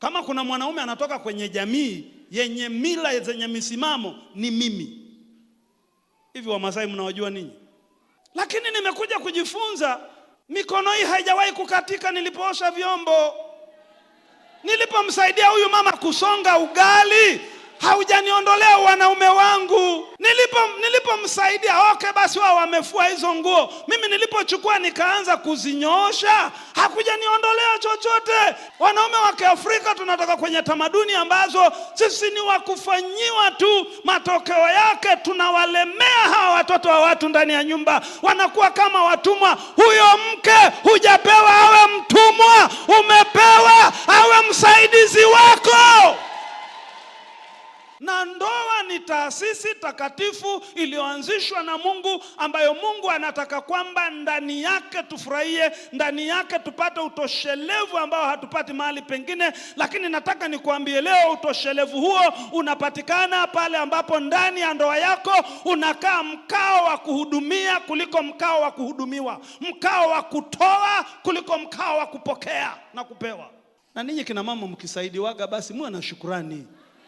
Kama kuna mwanaume anatoka kwenye jamii yenye mila zenye misimamo ni mimi. Hivi Wamasai mnawajua ninyi? Lakini nimekuja kujifunza, mikono hii haijawahi kukatika nilipoosha vyombo. Nilipomsaidia huyu mama kusonga ugali, haujaniondolea wanaume wangu nilipo Nilipomsaidia nilipo, okay, basi wao wamefua hizo nguo, mimi nilipochukua nikaanza kuzinyoosha, hakujaniondolea chochote. Wanaume wa Kiafrika tunatoka kwenye tamaduni ambazo sisi ni wakufanyiwa tu, matokeo yake tunawalemea hawa watoto wa watu ndani ya nyumba, wanakuwa kama watumwa. Huyo mke huja ndoa ni taasisi takatifu iliyoanzishwa na Mungu, ambayo Mungu anataka kwamba ndani yake tufurahie, ndani yake tupate utoshelevu ambao hatupati mahali pengine. Lakini nataka nikuambie leo, utoshelevu huo unapatikana pale ambapo ndani ya ndoa yako unakaa mkao wa kuhudumia kuliko mkao wa kuhudumiwa, mkao wa kutoa kuliko mkao wa kupokea na kupewa. Na ninyi kina mama mkisaidiwaga, basi muwe na shukurani.